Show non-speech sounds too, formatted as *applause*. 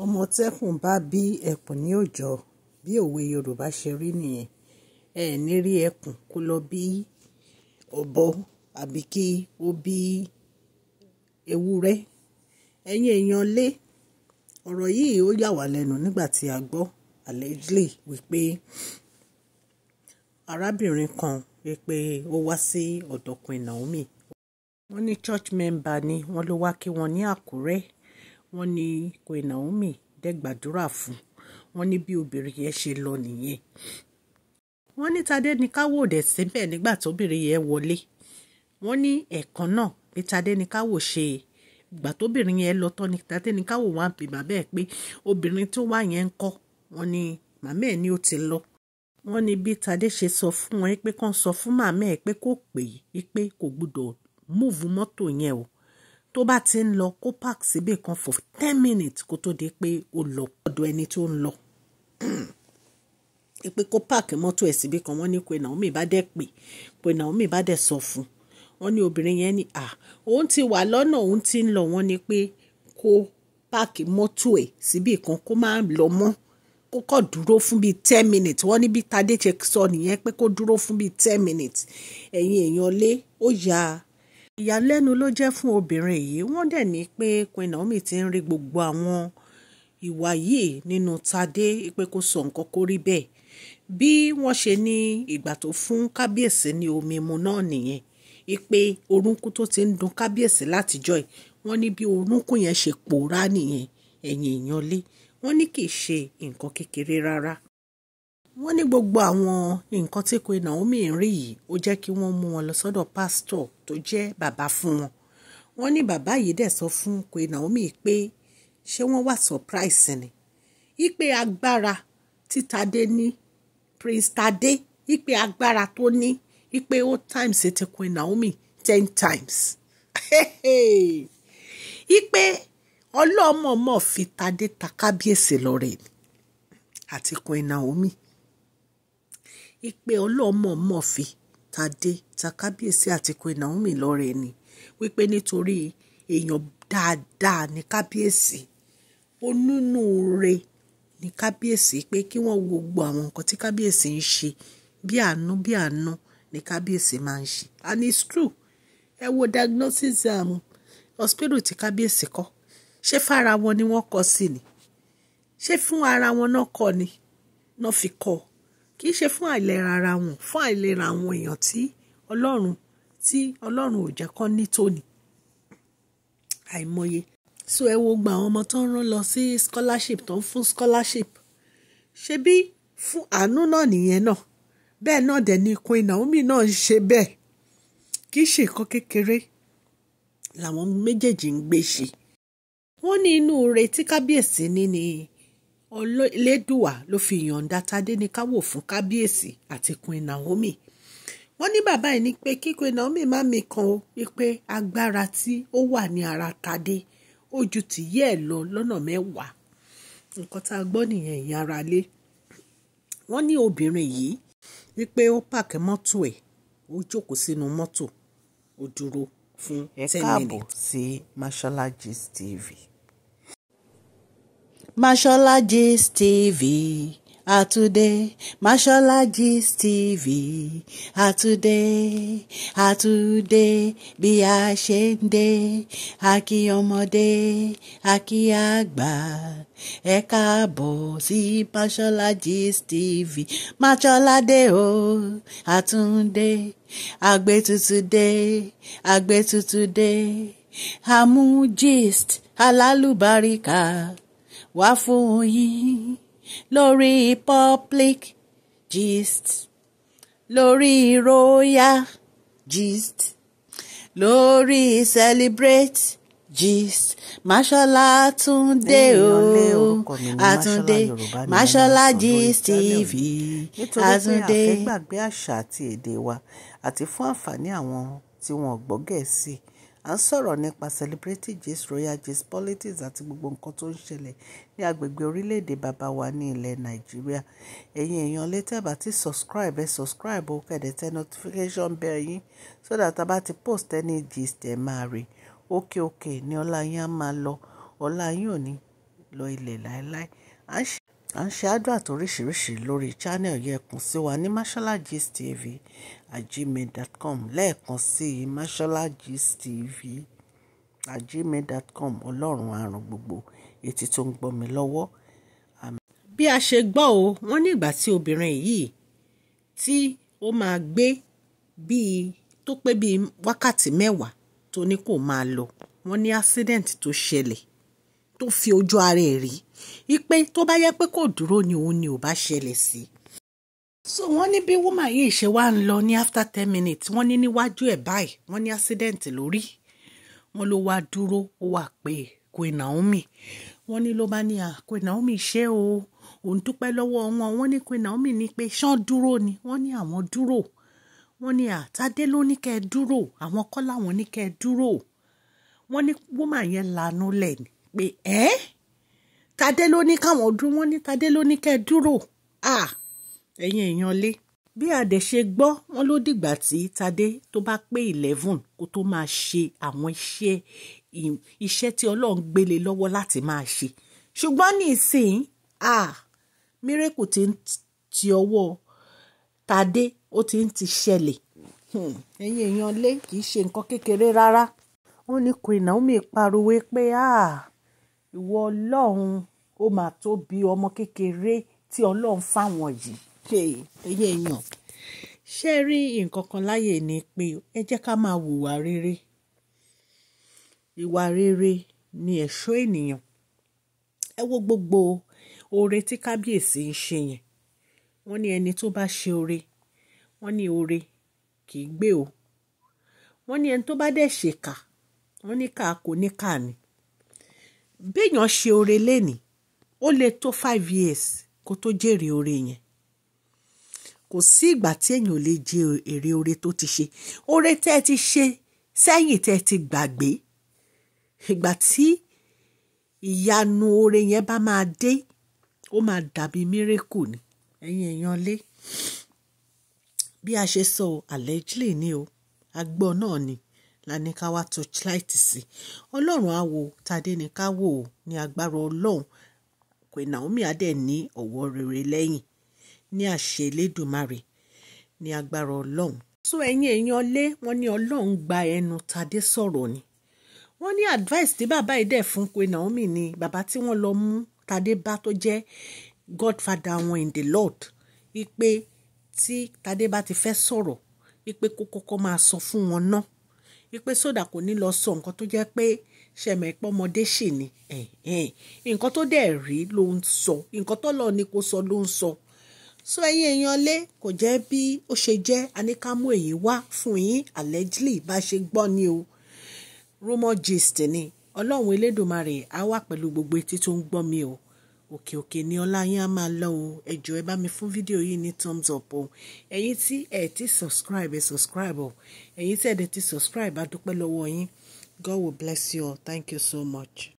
ọmọ tẹ́kùn bá bí ẹkùn ní òjò bí òwe yorùbá ṣe rí nìyẹn ẹ ní rí ẹkùn kó lọ bí ọ̀bọ àbí kí ó bí ewúrẹ́ ẹ̀yin èèyàn lé ọ̀rọ̀ yìí ó yà wá lẹ́nu nígbà tí a gbọ́ allegedly wípé arábìnrin kan wípé ó wá sí ọ̀dọ̀ Queen Naomi wọ́n ní church member ni wọ́n ló wá kí wọ́n ní Àkúrẹ́ wọ́n ní Queen Naomi dẹ̀ gbàdúrà fún wọ́n ní bí obìnrin yẹn ṣe lọ nìyẹn wọ́n ní Tadé ní káwò dẹ̀ síbẹ̀ nígbà tóbìnrin yẹn wọlé wọ́n ní ẹ̀kan náà ní Tadé ní káwò ṣe ìgbà tóbìnrin yẹn lọ tán ní Tadé ní wá ń pè pé obìnrin tó wà yẹn ń kọ́ wọ́n ní màmá ẹ̀ ní ó ti lọ wọ́n ní bí Tadé ṣe sọ fún wọn pé kàn sọ fún màmá ẹ̀ pé kò pè é pé kò gbúdọ̀ múùfù mọ́tò yẹn o tó bá ti ń lọ kó park síbẹ̀ kan for ten minutes kó tó di pé o lọ ọ̀dọ̀ ẹni tó ń lọ pé kó park mọ́tò ẹ̀ síbẹ̀ kan wọ́n ní pé Naomi bá dẹ̀ pè pé Naomi bá dẹ̀ sọ fún wọ́n ní obìnrin yẹn ni à ah, òun ti wà lọ́nà òun ti ń lọ wọ́n ní pé kó park mọ́tò ẹ̀ síbẹ̀ kan kó má lọ mọ́ kó kọ́ dúró fún bíi ten minutes wọ́n ní bí Tadé ṣe sọ nìyẹn pé kó dúró fún bíi ten minutes ẹ̀yin èèyàn lé ó yà á ìyàlẹ́nu ló jẹ́ fún obìnrin yìí wọ́n dẹ̀ ní pé Queen Naomi ti ń rí gbogbo àwọn ìwà yìí nínú Tadé pé kó sọ nǹkan kó rí bẹ́ẹ̀ bí wọ́n ṣe ní ìgbà tó fún kábíyèsí ní omi mu náà nìyẹn ipe orúnkún tó ti ń dun kábíyèsí látijọ́ ẹ̀ wọ́n ní bí orúnkún yẹn ṣe pòórá nìyẹn ẹ̀yìn èèyàn wọ́n ní kì í ṣe nǹkan kékeré rárá wọ́n ní gbogbo àwọn nǹkan tí Queen Naomi ń rí yìí ó jẹ́ kí wọ́n mú wọn lọ sọ́dọ̀ pásítọ̀ tó jẹ́ bàbá fún wọn wọ́n ní bàbá yìí dẹ̀ sọ fún Queen Naomi pé ṣé wọ́n wà surprise ni ipe agbára tí Tade ní Prince Tade ipe agbára tó ní ipe ó times ti Queen Naomi ten times *laughs* ipe ọlọ́mọọmọ fi Tade ta kábíyèsí lọ rẹ̀ ni àti Queen Naomi ìpè ọlọ́mọ̀ọ́mọ̀fẹ́ tàdé takábíyèsí àti Queen Naomi lọ́rẹ̀ ni wípé nítorí èèyàn dáadáa ní kábíyèsí onínúure ní kábíyèsí pé kí wọ́n wo gbogbo àwọn nǹkan tí kábíyèsí ń ṣe bí àánú bí àánú ní kábíyèsí máa ń ṣe and it's true ẹ wo diagnosis um, hospital tí kábíyèsí kọ́ ṣé fara wọn ni wọ́n kọ́ sí ni ṣé fún ara wọn náà kọ́ ni náà fi kọ́ ọ kì í ṣe fún àìlera ara wọn fún àìlera àwọn èèyàn tí ọlọ́run tí ọlọ́run ò jẹ́ kán ní tòní àìmọye so ẹ wo gba àwọn ọmọ tó ń rán lọ sí scholarship tó ń fún scholarship ṣebí fún àánú náà nìyẹn náà bẹ́ẹ̀ náà dẹ̀ ni Queen Naomi náà ń ṣe bẹ́ẹ̀ kì í ṣe nǹkan kékeré làwọn méjèèjì ń gbé ṣe wọ́n ní inú rẹ̀ kábíyèsí ní ni. ni ọlẹ́dùwà ló fi yọ̀ǹda Tádéníkáwò fún kábíyèsí àti Queen Naomi wọ́n ní bàbá yìí ní pé kí Queen Naomi má mi kan o wípé agbára tí ó wà ní ara Tádé ó ju tìyẹ́ ẹ̀ lọ lọ́nà mẹ́wàá nǹkan tá a gbọ́ nìyẹn ìyá ara lé wọ́n ní obìnrin yìí wípé ó pàkẹ́ mọ́tò ẹ̀ ó jókòó sínú mọ́tò ó dúró fún ten minutes. ẹ káàbọ̀ sí Mashola TV. Mashola Gist TV are today. Mashola Gist TV are today. Are today. Bí a ṣe ń dé. A kí ọmọdé. A kí àgbà. Ẹ káàbọ̀ sí Mashola Gist TV. Mashola dé o. Àtúndé. Àgbétutù dé. Àgbétutù wá fún yín lórí public gist lórí royal gist lórí celebrate gist Mashola Túndé o Àtúndé Mashola Gist TV Àtúndé. nítorí pé a fẹ́ gbàgbé àṣà àti èdè wa àti fún àǹfààní àwọn tí wọ́n gbọ́ Gẹ̀ẹ́sì. Si à ń sọ̀rọ̀ nípa celebrating gist royal gist politics àti gbogbo nǹkan tó ń ṣẹlẹ̀ ní agbègbè orílẹ̀-èdè bàbá wa ní ilẹ̀ nàìjíríà ẹ̀yin èèyàn létí àbá tí subscribe ẹ subscribe ó kẹ̀dẹ̀ tẹ notification bell yín so that a bá ti post any gist ẹ̀ máa rí ókè ókè ni ọlá yín á máa lọ ọlá yín ò ní lọ ilẹ̀ láéláé à ń ṣe àdúrà tó oríṣiríṣi lórí channel yẹ kàn sí wa ní masholagistv at gmail dot com lẹ́ẹ̀kan sí i masholagistv at gmail dot com ọlọ́run àrùn gbogbo etí tó ń gbọ́ mi lọ́wọ́. bí a ṣe gbọ́ o wọ́n ní ìgbà tí obìnrin yìí tí ó máa gbé bíi tó pé bíi wákàtí mẹ́wàá tó ní kó máa lọ wọ́n ní accident tó ṣẹlẹ̀ tó fi ojú ara ẹ̀ rí ipe tó bá yẹ pé kò dúró ni òun ni ò bá ṣẹlẹ̀ sí. so wọ́n ní bí woman yìí ṣe wá ń lọ ní after ten minutes wọ́n ní níwájú ẹ̀ báyìí wọ́n ní accident lórí wọ́n ló wá dúró ó wà pé Queen Naomi wọ́n ní ló bá ní à ah, Queen Naomi ṣé o òun dúpẹ́ lọ́wọ́ wọn wọ́n ní Queen Naomi ní pé ṣán dúró ni wọ́n ní àwọn dúró wọ́n ní àtàdé ló ní kẹ́ ẹ dúró àwọn kọ́ làwọn ní kẹ́ ẹ dúró wọ́n ní wọ́mà yẹn lanú lẹ̀ pé ẹ́ Tadé ló ní káwọn dúró wọ́n ní Tadé ló ní kẹ́ ẹ dúró à ẹ̀yin èèyàn lé bí adẹ ṣe gbọ́ wọn ló dìgbà tí Tadé tó bá pé eleven kó tó máa ṣe àwọn iṣẹ́ iṣẹ́ tí Ọlọ́run gbélé lọ́wọ́ láti máa ṣe ṣùgbọ́n nísìnyí à mírèkù ti ń ti ọwọ́ Tadé ó ti ń ti ṣẹlẹ̀ hmm, ẹ̀yin èèyàn lé kì í ṣe nǹkan kékeré rárá wọ́n ní Queen Naomi pariwo pé ah ìwọ ọlọ́run ó mà tóbi ọmọ kékeré tí ọlọ́run fáwọn yìí ṣe ẹyẹ èèyàn ṣé rí nǹkan kan láyè ni pé ẹ jẹ́ ká máa hùwà rere ìwà rere ni ẹ̀ṣọ́ ènìyàn ẹ wo gbogbo oore tí kábíyèsí ń ṣe yẹn wọ́n ní ẹni tó bá ṣe oore wọ́n ní oore kì í gbé o wọ́n ní ẹni tó bá dẹ̀ ṣèkà wọ́n ní kà kò ní kà ni béèyàn ṣe oore lénìí ó lè tó five years kó tó jèrè oore yẹn kò sí ìgbà tí èèyàn ò lè jẹ èrè oore tó ti ṣe oore tẹ́ ẹ ti ṣe sẹ́yìn tẹ́ ẹ ti gbàgbé ìgbà tí ìyanu oore yẹn bá máa dé ó máa dàbí mírèkù ni ẹ̀yin èèyàn lé bí a ṣe sọ allegedly ni o agbọ́ náà ni la ní ká wá torchlight sí ọlọ́run á wo tadé ní ká wò ó ní agbára ọlọ́run pé Naomi adé ní ọ̀wọ́ rere lẹ́yìn ní àṣẹ Elédùmarè ní agbára ọlọ́run. so ẹ̀yin èèyàn lé wọ́n ní ọlọ́run gba ẹnu tadé sọ̀rọ̀ ni wọ́n ní advice tí bàbá yìí dẹ̀ fún pé Naomi ni bàbá tí wọ́n lọ mú tadé bá tó jẹ́ godfather wọn in the Lord ipe tí tadé bá ti fẹ́ sọ̀rọ̀ ipe kó kọ́kọ́ máa sọ fún wọn náà wípé sódà kò ní lọ sọ nǹkan tó jẹ́ pé ṣẹ̀mẹ̀ pọ́mọdé ṣì ni nǹkan tó dẹ̀ rí ló ń sọ nǹkan tó lọ ni kò sọ ló ń sọ so ẹ̀yin èèyàn lé kò jẹ́ bí ó ṣe jẹ́ aníkámú èyí wá fún yín allegedly bá ṣe gbọ́ ni o rumor gist ni ọlọ́run elédùnmarè á wà pẹ̀lú gbogbo etí tó ń gbọ́ mi o òkè òkè ni ọlá yín á máa lọ o ẹ jọ̀ọ́ ẹ bá mi fún fídíò yìí ní thumbs up o ẹ̀yin tí ẹ ti subscribe ẹ subscribe o ẹ̀yin tí ẹ dẹ̀ ti subscribe a dúpẹ́ lọ́wọ́ yín God will bless you all thank you so much.